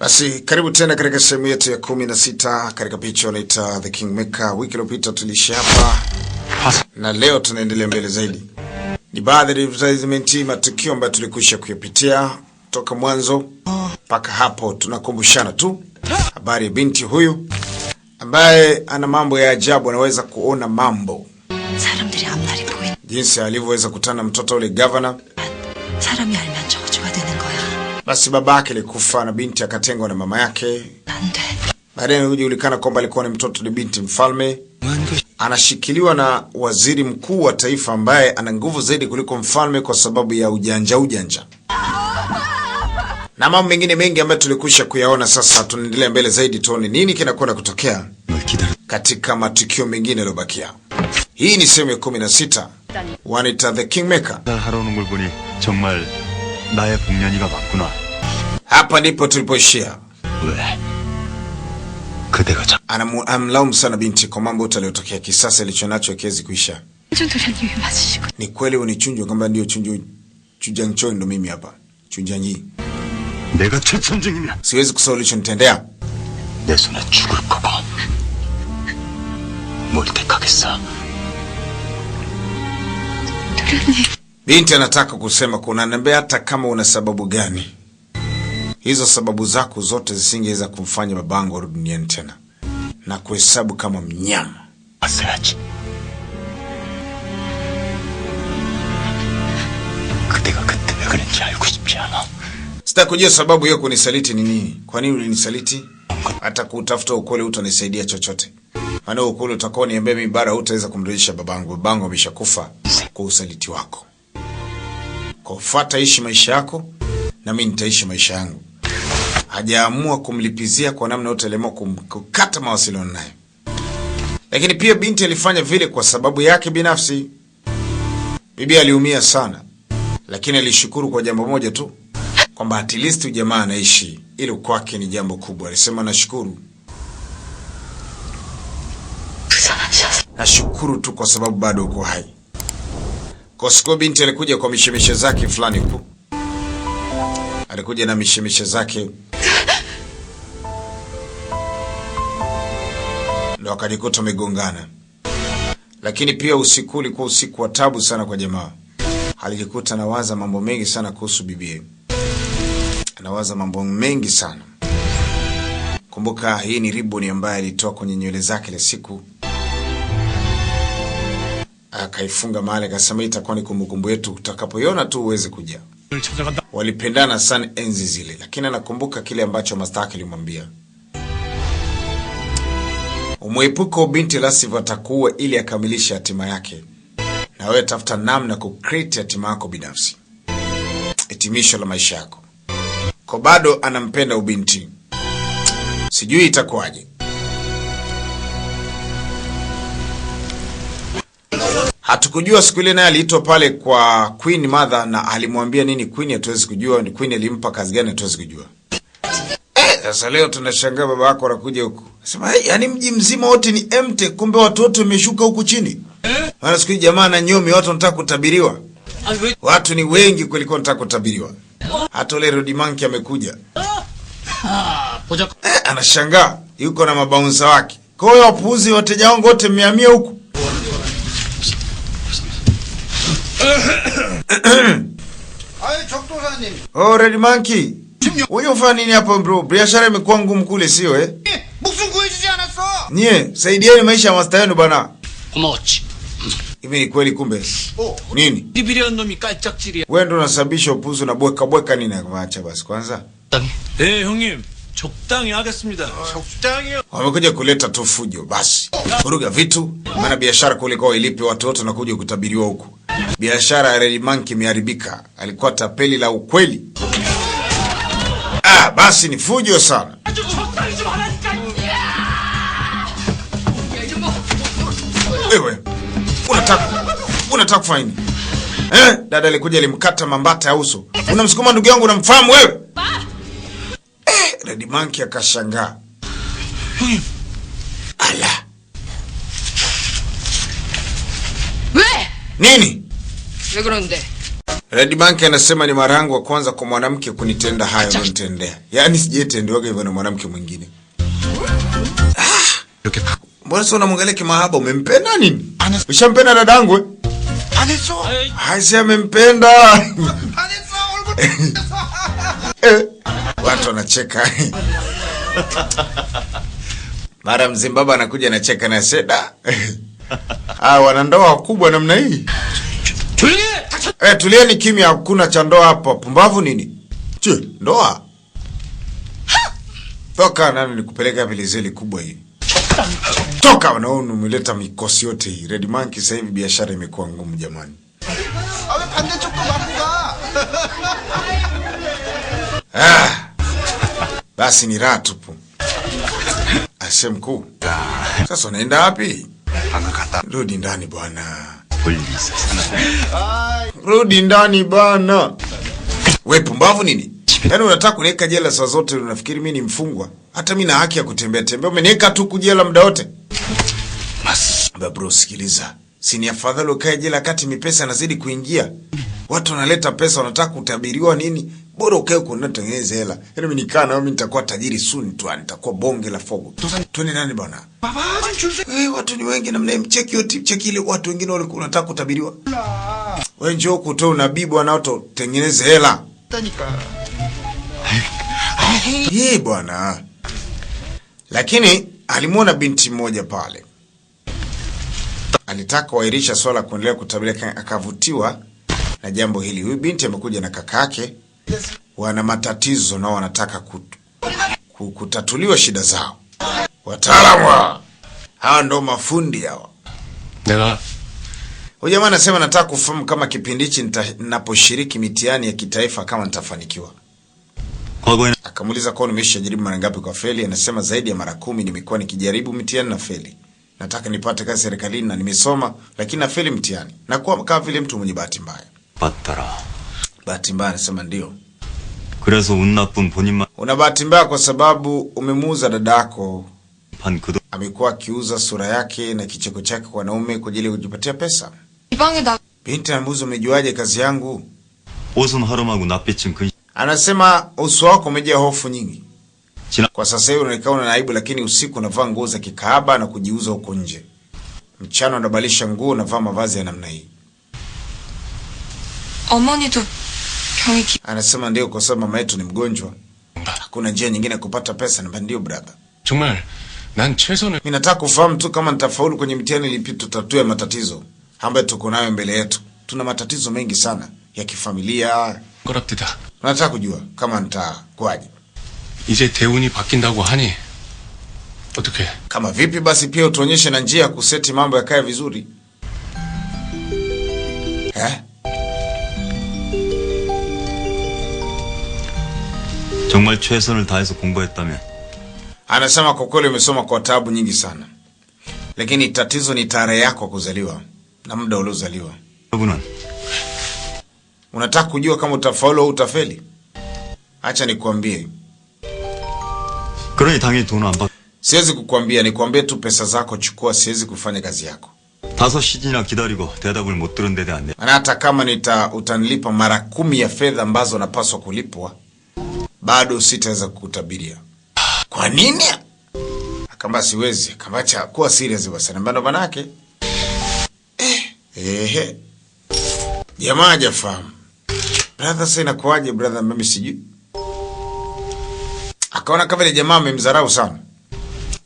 Basi karibu tena katika sehemu yetu ya 16 katika picha wanaita The Kingmaker. Wiki iliyopita tuliishia hapa na leo tunaendelea mbele zaidi. Ni baadhi ya advertisement, matukio ambayo tulikwisha kuyapitia toka mwanzo mpaka hapo. Tunakumbushana tu habari ya binti huyu ambaye ana mambo ya ajabu, anaweza kuona mambo, jinsi alivyoweza kutana mtoto ule governor basi baba yake alikufa na binti akatengwa na mama yake. Baadaye hujulikana kwamba alikuwa ni mtoto ni binti mfalme. Anashikiliwa na waziri mkuu wa taifa ambaye ana nguvu zaidi kuliko mfalme kwa sababu ya ujanja ujanja na mambo mengine mengi ambayo tulikwisha kuyaona. Sasa tunaendelea mbele zaidi, tuone nini kinakwenda kutokea katika matukio mengine yaliyobakia. Hii ni sehemu ya 16 Wanita The Kingmaker. 나의 복년이가 맞구나. Hapa ndipo tulipoishia. 왜? 그대가 자. Anamlaumu sana binti kwa mambo yote yaliyotokea. Kisasa ilicho nacho kiwezi kuisha. 도련님이 맞으시고. Ni kweli unichunjwe kwamba ndio chunjo Chujangchoi ndo mimi hapa. Chujangi. 내가 최천징이냐? Siwezi kusahau ulichonitendea. 내 손에 죽을 거고. 뭘 택하겠어? 도련님. Binti anataka kusema kuna kunaniambia, hata kama una sababu gani, hizo sababu zako zote zisingeweza kumfanya babangu arudi duniani tena na kuhesabu kama mnyama Asiraji. Sita kujua sababu hiyo kunisaliti ni nini. Kwa nini ulinisaliti? Hata kutafuta ukweli utanisaidia chochote. Maana ukweli utakao niambia mimi bara hutaweza kumrudisha babangu. Babangu ameshakufa kwa usaliti wako. Kwa kufuata ishi maisha yako na mimi nitaishi maisha yangu. Hajaamua kumlipizia kwa namna yote, aliamua kumkata mawasiliano naye. Lakini pia binti alifanya vile kwa sababu yake binafsi. Bibi aliumia sana, lakini alishukuru kwa jambo moja tu, kwamba at least jamaa anaishi. ilo kwake ni jambo kubwa. Alisema nashukuru, nashukuru tu kwa sababu bado uko hai. Kosko binti alikuja kwa mishemishe zake fulani huko. Alikuja na mishemishe zake. Ndio akajikuta migongana. Lakini pia usiku ulikuwa usiku wa tabu sana kwa jamaa. Alijikuta anawaza mambo mengi sana kuhusu bibie. Anawaza mambo mengi sana. Kumbuka hii ni ribbon ambayo alitoa kwenye nywele zake ile siku akaifunga mahali akasema itakuwa ni kumbukumbu yetu, utakapoiona tu uweze kuja. Walipendana sana enzi zile, lakini anakumbuka kile ambacho Mastaki alimwambia, umwepuko binti Lasiv atakuwa ili akamilishe hatima yake, na wewe tafuta namna kukreti hatima yako binafsi, hitimisho la maisha yako. Ko bado anampenda ubinti, sijui itakuwaje. Hatukujua siku ile naye aliitwa pale kwa Queen Mother na alimwambia nini Queen, hatuwezi kujua ni Queen alimpa kazi gani, hatuwezi kujua. Eh, sasa leo tunashangaa baba yako anakuja huku. Sema, hey, yaani mji mzima wote ni empty, kumbe watoto wameshuka huku chini. Eh? Maana siku jamaa na nyomi watu wanataka kutabiriwa. Watu ni wengi kuliko wanataka kutabiriwa. Hata ile Rudy Monkey amekuja. Ah, Eh, anashangaa yuko na mabaunsa wake. Kwa hiyo wapuuzi wateja wangu wote mmehamia huku. Ay Doktorhanım. Oh Red Monkey. Unafanya nini hapo bro? Biashara imekuwa ngumu kule sio eh? Nye, saidieni maisha ya masta yenu bana. Kumochi. Hivi ni kweli kumbe. Oh. Nini? Bibilia ndo mikachachiria. Wewe ndo unasababisha upuzu na bweka bweka nini acha basi kwanza. Eh, hey, hongim. 적당히 하겠습니다. 적당히요. Wamekuja kuleta tu fujo basi, vuruga vitu, Mana biashara kuliko ilipi watu na nakuja kutabiriwa huku. Biashara ya Rejimanki imeharibika, alikuwa tapeli la ukweli. Ah, basi ni fujo sana. Wewe unataka unataka kufanya nini? Eh, dada alikuja alimkata mambata ya uso. Unamsukuma ndugu yangu, unamfahamu wewe? Daddy Monkey akashangaa. Hmm. Ala. Nini? Red Monkey anasema ni mara yangu ya kwanza kwa mwanamke kunitenda hayo nitendea. Yaani sijaitendewaga hivyo na mwanamke mwingine. Ah! Mbona sio unamwangalia kimahaba umempenda nini? Ushampenda dadangu eh? Aneso. Hasi amempenda. Eh watu wanacheka mara Mzimbabwe anakuja anacheka na seda ah, wanandoa wakubwa namna hii eh, tulieni kimya, hakuna cha ndoa hapa. Pumbavu nini? Che, ndoa toka nani nikupeleka vilizeli kubwa hii toka, wanaona umeleta mikosi yote hii. Red Monkey sasa hivi biashara imekuwa ngumu jamani. Ah, basi ni raha tupu. Ashe mkuu, sasa unaenda wapi? Rudi ndani bwana, rudi ndani bwana. We pumbavu nini? Yaani unataka kuniweka jela saa zote? Unafikiri mimi ni mfungwa? Hata mimi na haki ya kutembea tembea, umeniweka tu kujela muda wote. Bro, sikiliza, si ni afadhali ukae jela kati mipesa nazidi kuingia. Watu wanaleta pesa, wanataka kutabiriwa nini? bora ukae kuna tengeneza hela. Yaani mimi nikaa na mimi nitakuwa tajiri soon tu, yaani nitakuwa bonge la fogo. Twende nani bwana? Baba, wewe eh, watu ni wengi namna hii, mcheki yote cheki ile watu wengine wale unataka kutabiriwa. Wewe njoo kutoa unabii bwana, watu tengeneza hela. Yee bwana. Lakini alimwona binti mmoja pale. Alitaka wairisha swala kuendelea kutabiria, akavutiwa na jambo hili. Huyu binti amekuja na kaka yake wana matatizo na wanataka kut, kutatuliwa shida zao. Wataalamu hawa ndo mafundi hawa. Huyu jamaa anasema nataka kufahamu kama kipindi hichi ninaposhiriki mitihani ya kitaifa kama nitafanikiwa. Akamuuliza kwa jaribu mara ngapi kwa feli? Anasema zaidi ya mara kumi nimekuwa nikijaribu mitihani na feli. Nataka nipate kazi serikalini na nimesoma lakini na feli mtihani. Na kuwa kama vile mtu mwenye bahati mbaya. Patara bahati mbaya, anasema ndio. Una bahati mbaya kwa sababu umemuuza dadako. Amekuwa akiuza sura yake na kicheko chake kwa wanaume kwa ajili ya kujipatia pesa. Binti anamuuza, umejuaje kazi yangu? Anasema uso wako umejaa hofu nyingi. Kwa sasa hivi unaonekana una aibu, lakini usiku unavaa nguo za kikahaba na kujiuza huko nje. Mchana unabalisha nguo, unavaa mavazi ya namna hii. Anasema ndio, kwa sababu mama yetu ni mgonjwa, hakuna njia nyingine ya kupata pesa. Namba ndio brother, mimi nataka kufahamu tu kama nitafaulu kwenye mtihani lipi, tutatue matatizo ambayo tuko nayo mbele yetu. Tuna matatizo mengi sana ya kifamilia, nataka kujua kama nitakuwaje. Kama vipi basi, pia utuonyeshe na njia ya kuseti mambo yakae vizuri eh? 정말 최선을 다해서 공부했다면 Anasema kwa kweli umesoma kwa taabu nyingi sana, lakini tatizo ni tarehe yako kuzaliwa na muda uliozaliwa. 여러분은 Unataka kujua kama utafaulu au utafeli? Acha nikuambie, Kwani tangi 돈은 안 siwezi kukuambia, nikuambie tu pesa zako chukua, siwezi kufanya kazi yako. 다섯 시즌이나 기다리고 대답을 못 들은 데 대한 내. Maana hata kama nita utanilipa mara kumi ya fedha ambazo napaswa kulipwa, bado sitaweza kukutabiria. Kwa nini? Akamba siwezi, akamwacha kuwa serious basi na mbando manake. Eh, eh. Jamaa hajafahamu. Brother sasa inakuaje brother, mimi sijui. Akaona kama ile jamaa amemdharau sana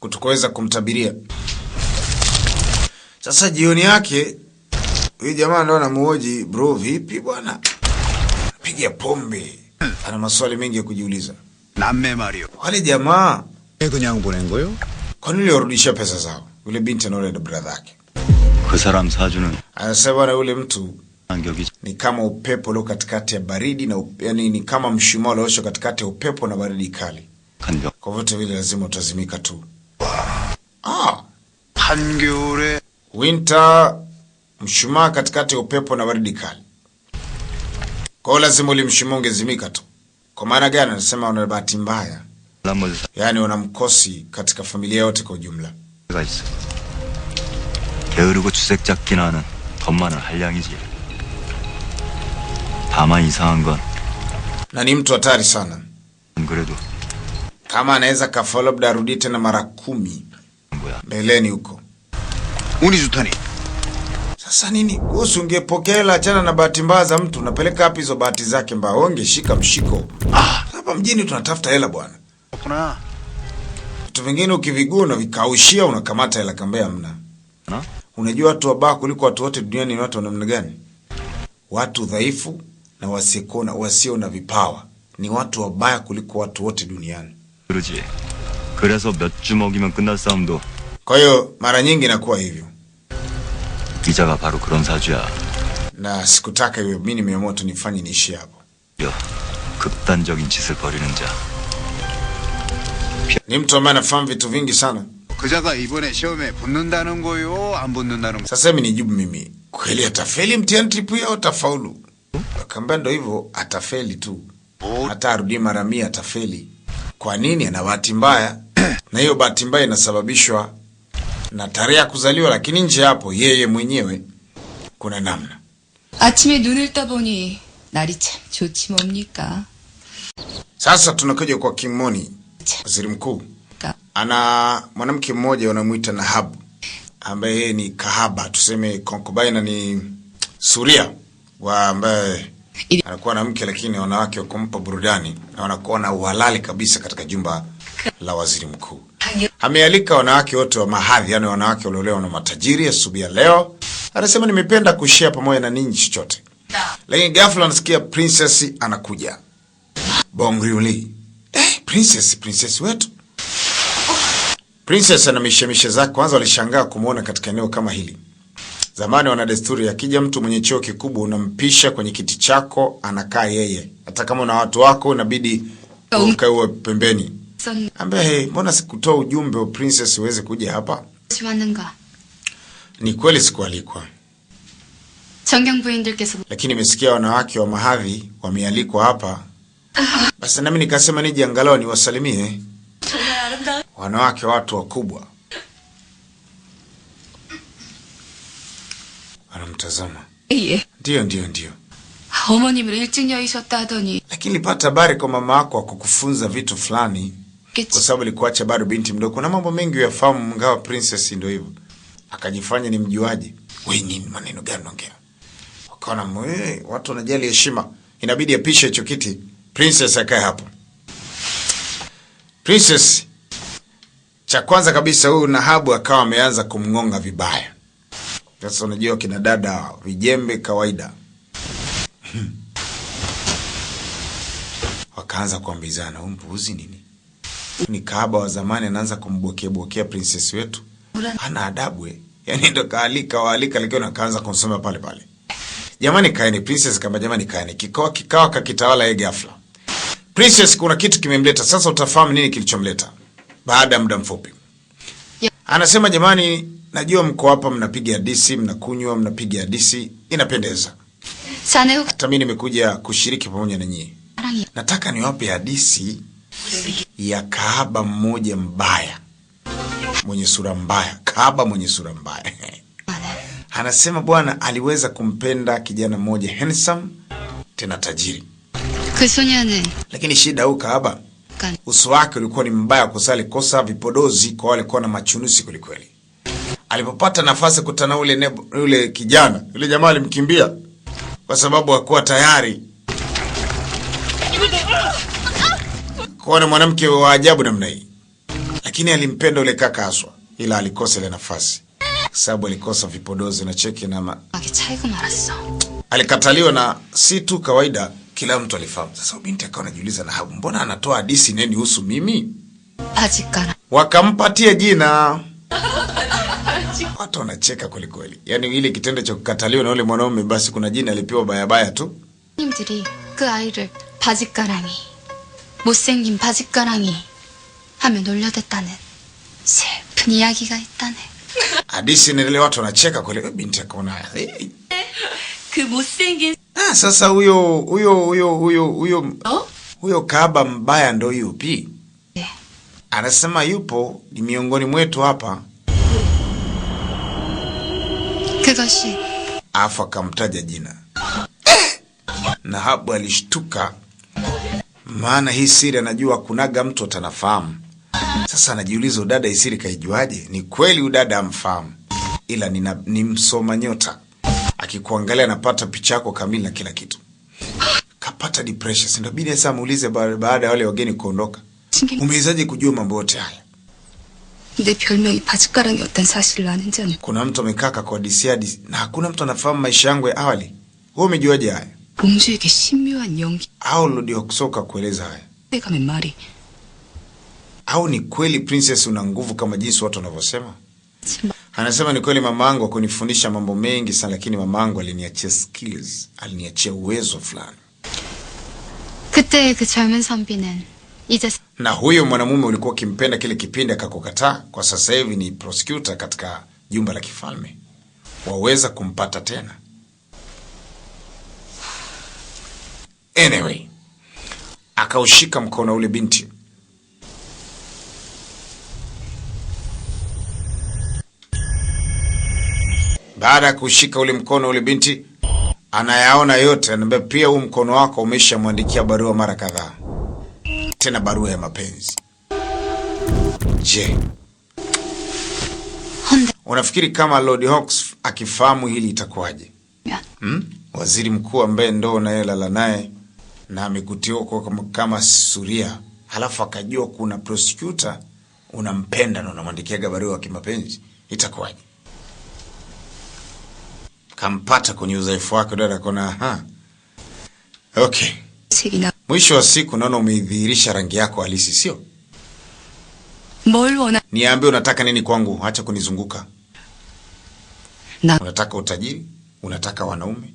kutokuweza kumtabiria. Sasa jioni yake huyu jamaa ndo anamuoji, bro, vipi bwana? Piga pombe. Ana maswali mengi ya kujiuliza. Namme Mario. Wale jamaa Kwa nyangu ngoyo. nini liwarudishia pesa zao? Yule binti anaolewa na bradha yake. Anasema na yule mtu ni kama upepo leo katikati ya baridi na upe, yani ni kama mshumaa ulioshwa katikati ya upepo na baridi kali. Kwa vyote vile lazima utazimika tu. Ah. Hangyure. Winter, mshumaa katikati ya upepo na baridi kali. Kwa lazima ulimheshimu, ungezimika tu. Kwa maana gani? Anasema una bahati mbaya, yaani una mkosi katika familia yote kwa ujumla. Na ni mtu hatari sana, kama anaweza kafa, labda arudi tena mara kumi mbeleni huko. Sasa nini kuhusu ungepokela chana na bahati mbaya za mtu unapeleka wapi hizo bahati zake mbaya? Wewe ungeshika mshiko. Ah, hapa mjini tunatafuta hela bwana. Kuna vitu vingine ukiviguna vikaushia unakamata hela kamba ya mna. Na? Unajua watu wabaya kuliko watu wote duniani ni watu wa namna gani? Watu dhaifu na wasikona wasio na vipawa ni watu wabaya kuliko watu wote duniani. Kwa hiyo mara nyingi inakuwa hivyo. 기자가 바로 그런 사주야. na sikutaka iwe mi nimeamua tu nifanye 극단적인 짓을 벌이는 자. Ni mtu ambaye anafahamu vitu vingi sana. 그자가 이번에 시험에 붙는다는 거요, 안 붙는다는 거. Sasa mimi nijibu mimi, kweli atafeli mtihani tripu yao atafaulu? Akaambia ndio atafeli tu, hata arudie mara atafeli. Kwa nini? mbaya, na hiyo na tarehe ya kuzaliwa, lakini nje hapo yeye mwenyewe kuna namna. Achime 눈을 떠보니 nari 참 jochi 뭡니까. Sasa tunakuja kwa Kimoni, waziri mkuu ana mwanamke mmoja wanamwita Nahabu ambaye ni kahaba, tuseme concubine ni suria wa ambaye anakuwa na mke lakini wanawake wakumpa burudani na wanakuwa na uhalali kabisa katika jumba la waziri mkuu. Amealika wanawake wote wa mahadhi, yani wanawake waliolewa na matajiri asubuhi ya leo. Anasema nimependa kushare pamoja na ninyi chochote. Lakini ghafla nasikia princess anakuja. Bongriuli. Eh, princess princess wetu. Princess ana mishemishe zake. Kwanza walishangaa kumuona katika eneo kama hili. Zamani wana desturi, akija mtu mwenye cheo kikubwa unampisha kwenye kiti chako, anakaa yeye. Hata kama una watu wako, inabidi ukae pembeni. Ambe, hey, mbona sikutoa ujumbe wa princess uweze kuja hapa? Ni kweli sikualikwa, lakini nimesikia wanawake wa mahadhi wamealikwa hapa. Basi nami nikasema niji angalau niwasalimie wanawake, watu wakubwa. Anamtazama. Ndiyo, ndiyo, ndiyo. Lakini nilipata habari kwa mama yako akukufunza vitu fulani kwa sababu likuacha bado binti mdogo. Kuna mambo mengi uyafahamu, ngawa princess ndio hivyo, akajifanya ni mjuaji. We nini, maneno gani unaongea? Wakaona mwe, eh, watu wanajali heshima, inabidi apishe hicho kiti, princess akae hapo. Princess cha kwanza kabisa, huyu Nahabu akawa ameanza kumngonga vibaya. Sasa unajua kina dada vijembe kawaida hmm. wakaanza kuambizana, umpuuzi nini ni kahaba wa zamani anaanza kumbokebokea princess wetu, ana adabu eh. Yani ndo kaalika waalika, lakini akaanza kumsoma pale pale, jamani kaeni. Princess kama jamani kaeni, kikao kikao kakitawala yeye ghafla. Princess kuna kitu kimemleta sasa, utafahamu nini kilichomleta baada ya muda mfupi. Anasema jamani, najua mko hapa mnapiga hadithi, mnakunywa, mnapiga hadithi, inapendeza sana. Hata mimi nimekuja kushiriki pamoja na nyinyi, nataka niwape hadithi ya kahaba mmoja mbaya mwenye sura mbaya, kahaba mwenye sura mbaya anasema Bwana aliweza kumpenda kijana mmoja handsome tena tajiri, lakini shida huu kahaba uso wake ulikuwa ni mbaya kosa alikosa vipodozi kwa wale kuwa na machunusi kwelikweli. Alipopata nafasi kutana ule, ule kijana yule jamaa alimkimbia kwa sababu hakuwa tayari kuwa na mwanamke wa ajabu namna hii, lakini alimpenda ule kaka haswa, ila alikosa ile nafasi sababu alikosa vipodozi na cheki na ma... alikataliwa, na si tu kawaida, kila mtu alifahamu. Sasa binti akawa anajiuliza, na Habu mbona anatoa hadithi nini husu mimi? Wakampatia jina watu wanacheka kweli kweli, yaani ile kitendo cha kukataliwa na yule mwanaume, basi kuna jina alipewa bayabaya tu. 못생긴 바짓가랑이 하며 놀려댔다는 슬픈 이야기가 있다네. Hadithi ni ile watu wanacheka kweli, binti yako naye. Eh, 그 못생긴 Ah, sasa huyo huyo huyo huyo huyo 어? huyo kahaba mbaya ndo yupi? 네. Anasema yupo ni miongoni mwetu hapa, 그것이 아fu akamtaja jina na hapo alishtuka maana hii siri anajua kunaga mtu atanafahamu. Sasa anajiuliza udada hii siri kaijuaje? Ni kweli udada amfahamu, ila nina, ni msoma nyota akikuangalia anapata picha yako kamili na kila kitu. Kapata depression, si ndio? Bidi sasa muulize baada ya wale wageni kuondoka, umewezaje kujua mambo yote haya? Kuna mtu amekaa kwa na hakuna mtu anafahamu maisha yangu ya awali. Wewe umejuaje haya? 공주에게 신묘한 연기. Au ndio kueleza haya. 내가 몇 말이. Au ni kweli princess una nguvu kama jinsi watu wanavyosema? Anasema ni kweli mamangu akunifundisha mambo mengi sana, lakini mamangu aliniachia skills, aliniachia uwezo fulani. 그때 그 젊은 선비는 ije na huyo mwanamume ulikuwa ukimpenda kile kipindi akakukataa, kwa sasa hivi ni prosecutor katika jumba la kifalme, waweza kumpata tena. Anyway, akaushika mkono ule binti Baada ya kushika ule mkono ule binti anayaona yote, anambia pia, huu mkono wako umeshamwandikia barua mara kadhaa, tena barua ya mapenzi. Je, unafikiri kama Lord Hawks akifahamu hili itakuwaje? hmm? Waziri mkuu ambaye ndo unayelala naye na amekutiwa kama, kama suria, halafu akajua kuna prosecutor unampenda na unamwandikia barua kimapenzi, itakuwaje? Kampata kwenye udhaifu wake dada, kona ha, okay. Mwisho wa siku naona umeidhihirisha rangi yako halisi, sio? Niambie unataka nini kwangu, acha kunizunguka na. Unataka utajiri, unataka wanaume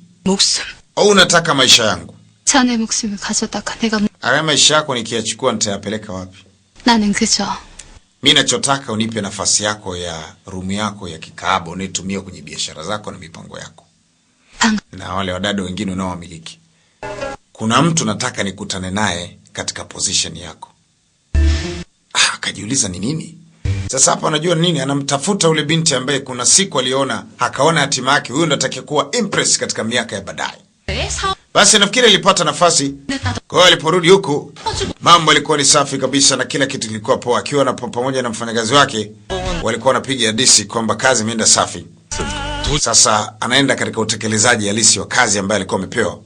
au unataka maisha yangu? 자네 목숨을 가져다가 내가 maisha yako nikiyachukua nitayapeleka wapi? 나는 그저 Mi nachotaka unipe nafasi yako ya rumu yako ya kikaaba unaitumia kwenye biashara zako na mipango yako 방, na wale wadada wengine unaowamiliki. Kuna mtu nataka nikutane naye katika position yako. Ah, akajiuliza ni nini sasa hapa. Unajua ni nini? Anamtafuta ule binti ambaye kuna siku aliona akaona hatima yake, huyo ndo atakayekuwa impress katika miaka ya baadaye. Basi nafikiri alipata nafasi. Kwa hiyo aliporudi huku mambo yalikuwa ni safi kabisa na kila kitu kilikuwa poa, akiwa na pamoja na mfanyakazi wake walikuwa wanapiga hadithi kwamba kazi imeenda safi. Sasa anaenda katika utekelezaji halisi wa kazi ambayo alikuwa amepewa.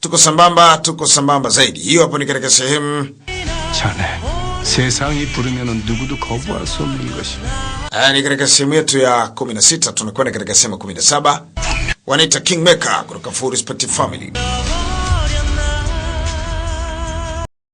Tuko sambamba, tuko sambamba zaidi. Hiyo hapo ni katika sehemu ni katika sehemu yetu ya 16 tunakwenda katika sehemu 17 wanaita Kingmaker kutoka Full Respect Family.